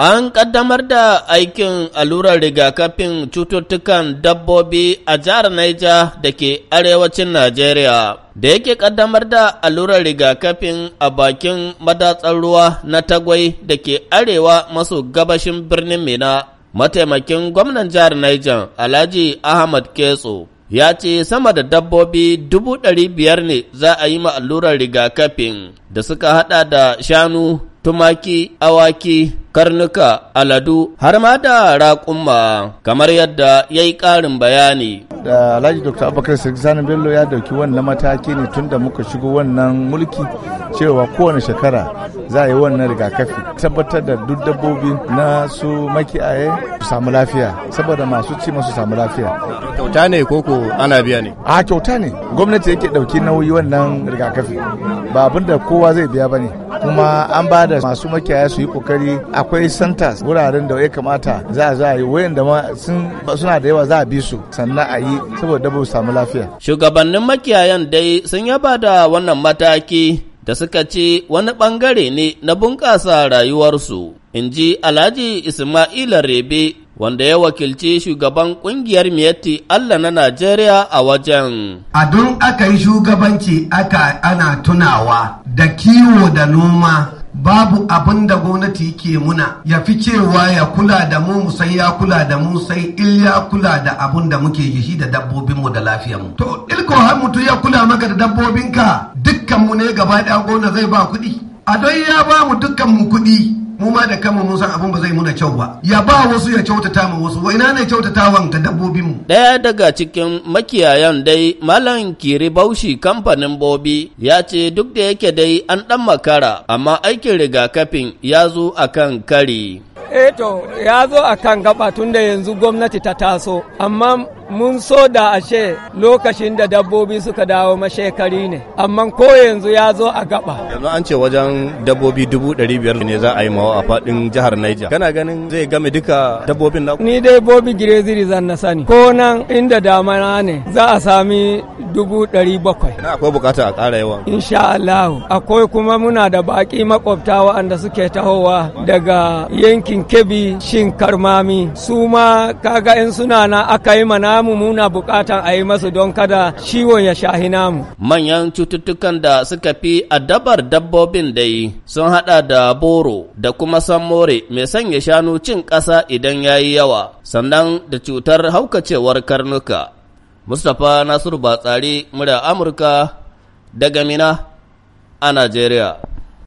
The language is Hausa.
An ƙaddamar da aikin allurar rigakafin cututtukan dabbobi a jihar Naija da ke arewacin Najeriya. Da yake ƙaddamar da allurar rigakafin a bakin madatsar ruwa na tagwai da ke arewa maso gabashin birnin Mina. Mataimakin gwamnan jihar Niger Alhaji Ahmad Ketso ya ce sama da dabbobi dubu ɗari biyar ne za a yi ma allurar rigakafin da suka haɗa da shanu, tumaki, awaki, karnuka, aladu, har ma da raƙumma, kamar yadda ya yi ƙarin bayani. Da Alhaji Dr. Abubakar Sani Bello ya dauki wannan mataki ne tunda muka shigo wannan mulki cewa kowane shekara za a yi wannan rigakafi. Tabbatar da duk dabbobi na su makiyaye su samu lafiya, saboda masu ci masu samu lafiya. kyauta ne ko ko ana biya ne a kyauta ne gwamnati yake dauki nauyi wannan rigakafi ba abin da kowa zai biya bane kuma an ba da masu makiyaya su yi kokari akwai centers wuraren da ya kamata za a yi wayan yi sun suna da yawa za a bi su sannan a yi saboda dabo samu lafiya shugabannin makiyayan dai sun yaba da wannan mataki da suka ce wani bangare ne na bunƙasa rayuwarsu, in ji Alhaji Ismaila Rebe, wanda ya wakilci shugaban kungiyar miyatti Allah na Najeriya a wajen. A don aka yi shugabanci aka ana tunawa da kiwo da noma babu abin da gwamnati ke muna ya fi cewa ya kula da mu sai ya kula da mu sai il ya kula da abin da muke yi da dabbobinmu da lafiyarmu. To ilko har mutum ya kula maka da dabbobinka dukkanmu ne gaba ɗaya gona zai ba kuɗi. A don ya ba mu dukkanmu kuɗi mu ma da kanmu mun san abin ba zai muna kyau ba ya ba wasu ya kyautata ma wasu wa ina ne kyautatawan ga dabbobin mu daya daga cikin makiyayan dai malam kiri baushi kamfanin bobi ya ce duk da yake dai an dan makara amma aikin rigakafin ya zo akan kari eh to ya zo akan gaba tunda yanzu gwamnati ta taso amma mun so da ashe lokacin da dabbobi suka dawo mashekari ne amma ko yanzu ya zo a gaba yanzu an ce wajen dabbobi dubu ɗari biyar ne za a yi mawa a faɗin jihar Niger kana ganin zai game duka dabbobin na ni dai bobi gireziri zan na sani ko nan inda damana ne za a sami dubu ɗari bakwai na akwai bukata a ƙara yawa insha Allah akwai kuma muna da baƙi makwabta waɗanda suke tahowa daga yankin kebi shin karmami su ma kaga in suna na aka yi mana namu muna bukatan a yi masu don kada ciwon ya shahi namu. Manyan cututtukan da suka fi a dabar dabbobin da yi sun haɗa da boro da kuma samore mai sanya shanu cin ƙasa idan ya yi yawa, sannan da cutar haukacewar karnuka. Mustapha Nasiru Batsari, murya Amurka, daga Mina a Najeriya.